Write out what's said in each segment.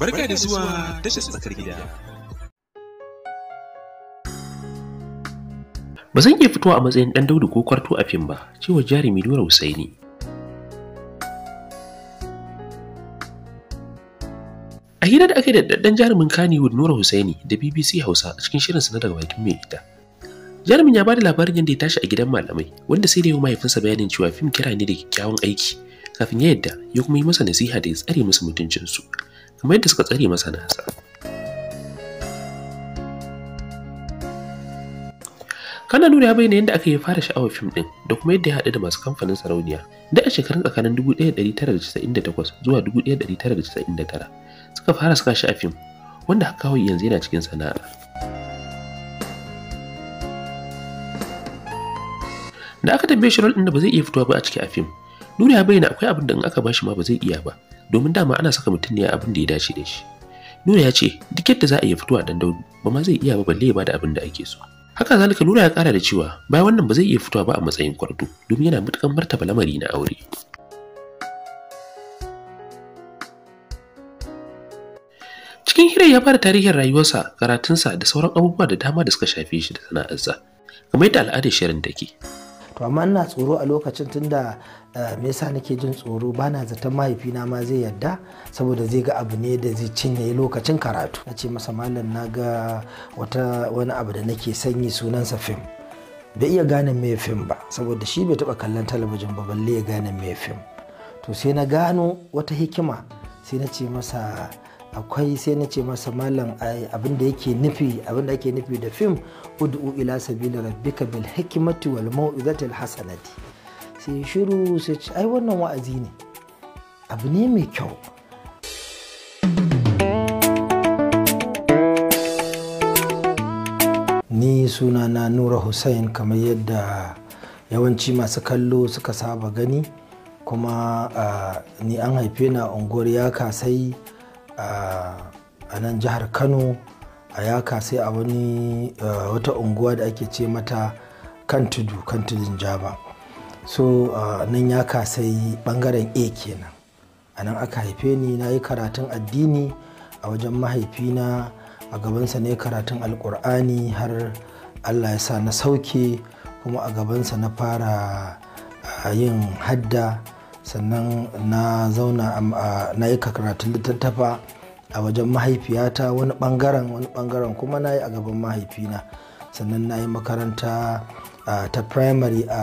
Barka da zuwa tashar tsakar gida. Ba zan iya fitowa a matsayin ɗan daudu ko kwarto a fim ba, cewa jarumi Nura Husaini. A hira da aka yi da ɗan jarumin Kannywood Nura Husaini da BBC Hausa a cikin shirinsa na daga bakin mai ita. Jarumin ya ba da labarin yadda ya tashi a gidan malamai, wanda sai da yau mahaifinsa bayanin cewa fim kira ne da kyakkyawan aiki, kafin ya yadda ya kuma yi masa nasiha da ya tsare musu mutuncinsu. kamar yadda suka tsare masa nasa kana nuna ya bayyana yadda aka yi fara sha'awar fim din da kuma yadda ya haɗu da masu kamfanin sarauniya da a shekarun tsakanin 1998 zuwa 1999 suka fara suka shi a fim wanda haka kawai yanzu yana cikin sana'a da aka tambaye shi rol din da ba zai iya fitowa ba a cikin a fim nuna ya bayyana akwai abin da in aka bashi ma ba zai iya ba domin dama ana saka mutum ne a abin da ya dace da shi nura ya ce duk yadda za a iya fitowa dan daudu ba ma zai iya ba balle ya bada abin da ake so haka zalika nura ya kara da cewa bayan wannan ba zai iya fitowa ba a matsayin kwarto domin yana matukan martaba lamari na aure cikin hira ya fara tarihin rayuwarsa karatunsa da sauran abubuwa da dama da suka shafe shi da sana'arsa kamar yadda al'adar shirin take to amma ina tsoro a lokacin tunda eh, me yasa nake jin tsoro bana zaton mahaifina ma zai yadda saboda zai ga abu ne da zai cinye lokacin karatu na ce masa malam na ga wata wani abu da nake sanyi sunansa fim bai iya gane me fim ba saboda shi bai taba kallon talabijin ba balle ya gane me fim to sai na gano wata hikima sai na ce masa akwai sai na ce masa malam abin da yake nufi abin da ake nufi da fim ud'u ila sabila rabbika bil hikmati wal mau'izati al hasanati sai shiru sai ce ai wannan wa'azi ne abu ne mai kyau ni suna na nura hussain kamar yadda yawanci masu kallo suka saba gani kuma ah, ni an haife na unguwar ya kasai a nan jihar kano a yaka sai a wani wata unguwa da ake ce mata kan tudu kan tudun jaba so nan yaka sai bangaren a kenan a nan aka haife ni na yi karatun addini a wajen mahaifina a gabansa ne karatun alkur'ani har allah ya sa na sauke kuma a gabansa na fara yin hadda sannan na zauna na yi karatun littattafa a wajen mahaifiyata wani bangaren wani bangaren kuma na yi a gaban mahaifina sannan na yi makaranta ta primary a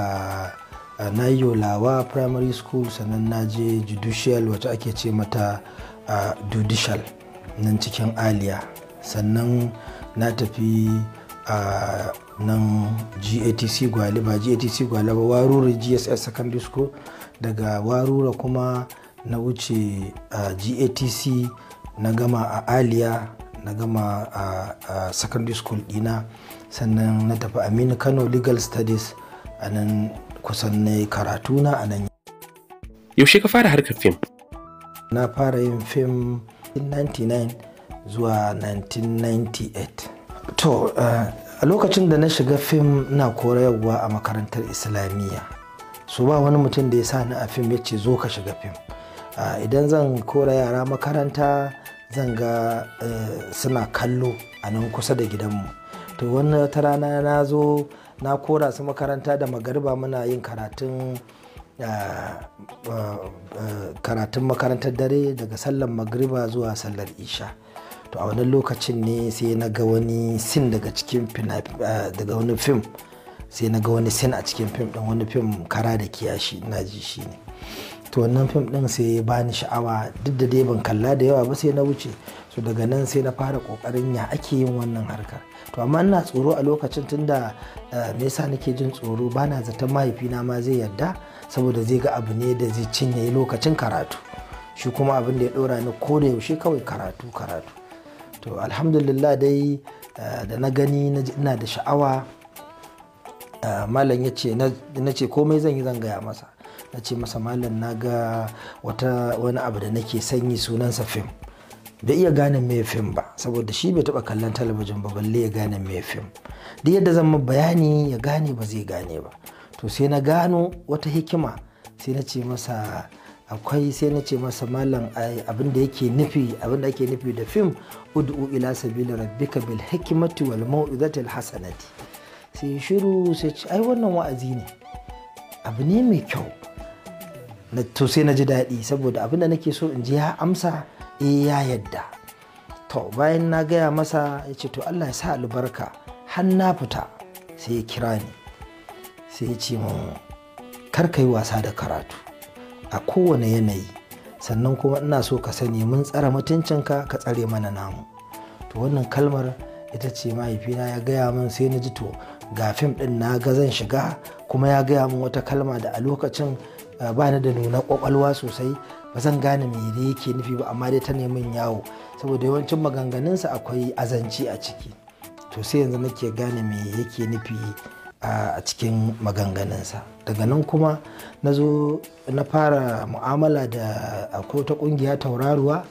na yolawa primary school sannan na je judicial wacce ake ce mata judicial nan cikin aliya sannan na tafi a nan gatc gwaliba gatc gwaliba waruri gss secondary school daga warura kuma na wuce a gatc na gama a aliya na gama a secondary school dina sannan na tafi aminu kano legal studies a nan kusan na karatu na a nan yaushe ka fara harkar fim na fara yin fim 1999 zuwa 1998 to a lokacin da na shiga fim na koyarwa a makarantar islamiyya su ba wani mutum da ya sa ni a fim ya ce zo ka shiga fim idan zan kora yara makaranta zan ga eh, suna kallo a nan kusa da gidanmu to wani ta rana na zo na kora su makaranta da magariba muna yin karatun eh, eh, karatun makarantar dare daga sallar magariba zuwa sallar isha to a wani lokacin ne sai na ga wani sin daga cikin daga wani fim sai na ga wani sin a cikin fim ɗin wani fim kara da kiyashi ina ji shi ne to wannan fim ɗin sai ya bani sha'awa duk da dai ban kalla da yawa ba sai na wuce to daga nan sai na fara kokarin ya ake yin wannan harkar to amma ina tsoro a lokacin tunda eh, me yasa nake jin tsoro bana zaton mahaifina ma zai yarda saboda zai ga abu ne da zai cinye lokacin karatu shi kuma abin da ya ɗora ni ko da yaushe kawai karatu karatu to alhamdulillah dai eh, da na gani ina da sha'awa Ah, malam ya ce na ce komai zan yi zan gaya masa na ce masa malam na ga wata wani abu da nake sanyi sunansa fim bai iya gane mai fim ba saboda shi bai taba kallon talabijin ba balle ya gane mai fim duk yadda zan ma bayani ya gane ba zai gane ba to sai na gano wata hikima sai na ce masa akwai sai na ce masa malam abin da yake nufi abin da ake nufi da fim ud'u ila sabila rabbika bil hikmati wal mau'izati al hasanati sai shiru sai ce ai wannan wa'azi ne abu ne mai kyau to sai na ji daɗi saboda abin da nake so in ji ya amsa eh ya yadda to bayan na gaya masa ya ce to allah ya sa albarka har na fita sai ya kira ni sai ya ce kar ka yi wasa da karatu a kowane yanayi sannan kuma ina so ka sani mun tsara mutuncinka ka tsare mana namu to wannan kalmar ita ce mahaifina ya gaya min sai na ji to ga fim din na ga zan shiga kuma ya gaya min wata kalma da a lokacin ba ni da nuna kwakwalwa sosai ba zan gane me da yake nufi ba amma dai ta neman yawo saboda yawancin maganganunsa akwai azanci a ciki to sai yanzu nake gane me yake nufi a cikin maganganunsa daga nan kuma na zo na fara mu'amala da akwai wata kungiya tauraruwa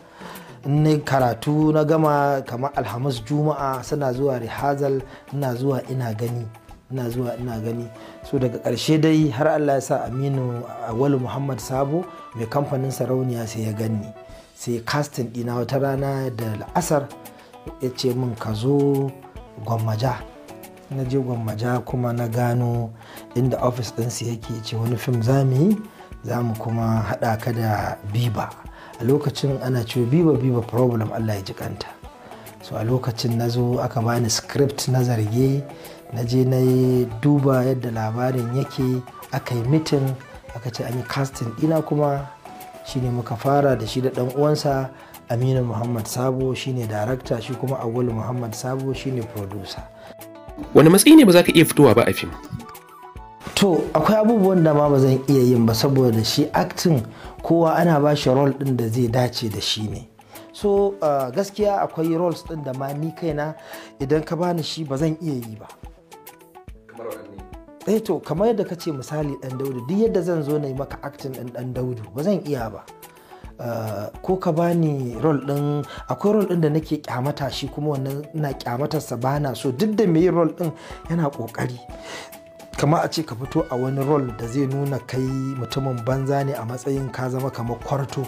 in karatu na gama kamar alhamis juma'a suna zuwa rihazal ina zuwa ina gani ina zuwa ina gani so daga ƙarshe dai har allah ya sa aminu awal muhammad sabo mai kamfanin sarauniya sai ya gani sai kastin ɗina wata rana da la'asar ya ce min ka zo gwammaja na je gwammaja kuma na gano inda ofis ɗinsu yake ce wani fim za mu yi za mu kuma haɗa ka da biba a lokacin ana ce biba biba problem allah ya ji kanta so a lokacin na zo aka bani script na zarge na je na yi duba yadda labarin yake aka yi mitin aka ce an yi casting ina kuma shine muka fara da shi da dan uwansa aminu muhammad sabo shine darakta shi kuma awul muhammad sabo shine producer wani matsayi ne ba za ka iya fitowa ba a fim to akwai abubuwan da ma ba zan iya yin ba saboda shi acting kowa ana ba shi rol ɗin da zai dace da shi ne so gaskiya akwai roles ɗin da ma ni kaina idan ka bani shi ba zan iya yi ba eh to kamar yadda ka ce misali ɗan daudu duk yadda zan zo na yi maka acting ɗin ɗan daudu ba zan iya ba ko ka bani rol din akwai rol din da nake kyamata shi kuma wannan ina kyamatarsa sa bana so duk da yi rol din yana kokari kama a ce ka fito a wani rol da zai nuna kai mutumin banza ne a matsayin ka zama kamar kwarto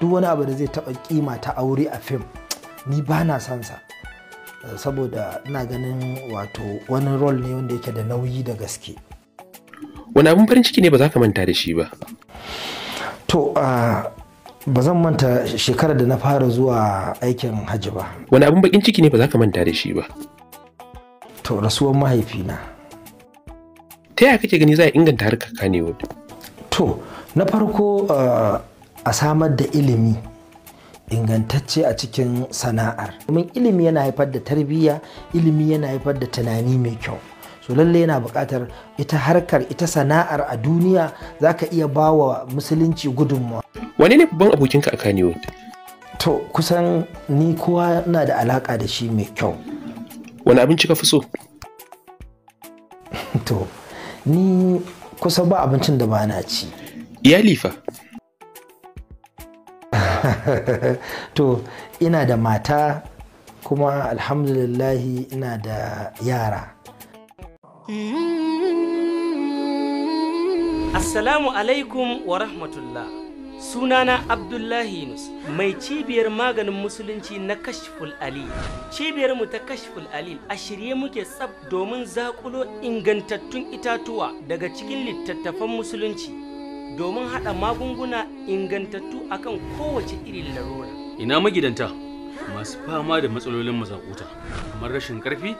duk wani abu da zai taɓa kima ta aure a fim ni ba na son sa saboda ina ganin wato wani rol ne wanda yake da nauyi da gaske wani abin farin ciki ne ba za ka manta da shi ba to ba zan manta shekarar da na fara zuwa aikin hajji ba wani abin bakin ciki ne ba za ka manta da shi ba to rasuwar mahaifina ta yaya kake gani za a inganta harkar kanewood to na farko eh, a samar da ilimi ingantacce a cikin sana'ar domin ilimi yana haifar da tarbiyya ilimi yana haifar da tunani mai kyau so lalle yana buƙatar ita harkar ita sana'ar a duniya za ka iya ba wa musulunci gudunmawa wane ne babban abokinka a kanewood to kusan ni kowa na da alaƙa da shi mai kyau wani abinci ka fi so to ni kusa ba abincin da ba na ci iyali fa to ina da mata kuma alhamdulillahi ina da yara assalamu alaikum wa rahmatullah Sunana Abdullahi Yunus, mai cibiyar maganin musulunci na Kashful Ali. Cibiyar mu ta Kashful Ali a shirye muke tsab domin zakulo ingantattun itatuwa daga cikin littattafan musulunci domin haɗa magunguna ingantattu akan kowace irin larura. Ina magidanta? masu fama da matsalolin mazakuta kamar rashin karfi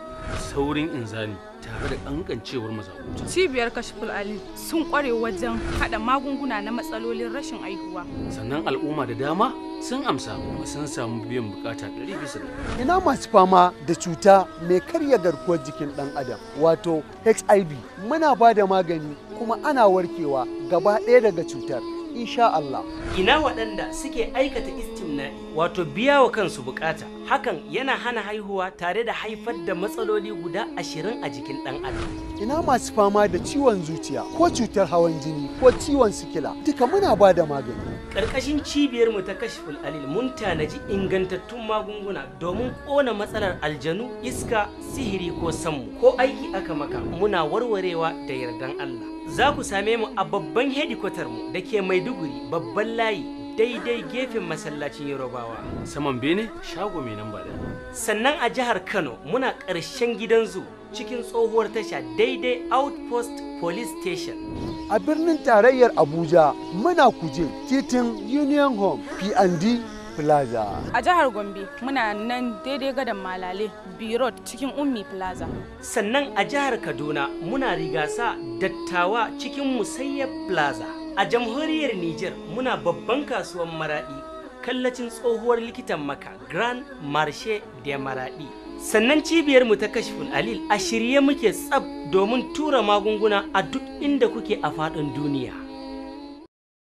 saurin inzani tare da kankancewar mazakuta cibiyar kashful ali sun kware wajen hada magunguna na matsalolin rashin aihuwa sannan al'umma da dama sun amsa kuma sun samu biyan bukata 100% ina masu fama da cuta mai karya garkuwar jikin dan adam wato hiv muna ba da magani kuma ana warkewa gaba ɗaya daga cutar insha Allah ina waɗanda suke aikata istimna'i wato biya wa kansu bukata hakan yana hana haihuwa tare da haifar da matsaloli guda ashirin a jikin ɗan adam ina masu fama da ciwon zuciya ko cutar hawan jini ko ciwon sikila duka muna ba da magani ƙarƙashin cibiyarmu ta kashiful alil mun tanaji ingantattun magunguna domin ƙona matsalar aljanu iska sihiri ko sammu ko aiki aka maka muna warwarewa da yardan Allah za ku same mu a babban hedikwatar mu da ke Maiduguri babban layi daidai gefen masallacin Yorubawa. Saman Bene shago mai nan da. Sannan a jihar Kano muna ƙarshen gidan zu cikin tsohuwar tasha daidai Outpost Police Station. A birnin tarayyar Abuja muna kuje titin Union Home P&D plaza a jihar gombe muna nan daidai gadon malale birot cikin ummi plaza sannan a jihar kaduna muna rigasa dattawa cikin musayyab plaza a jamhuriyar nijar muna babban kasuwar maradi kallacin tsohuwar likitan maka grand marche de maradi sannan cibiyar mu ta kashifin alil a shirye muke tsab domin tura magunguna a duk inda kuke a faɗin duniya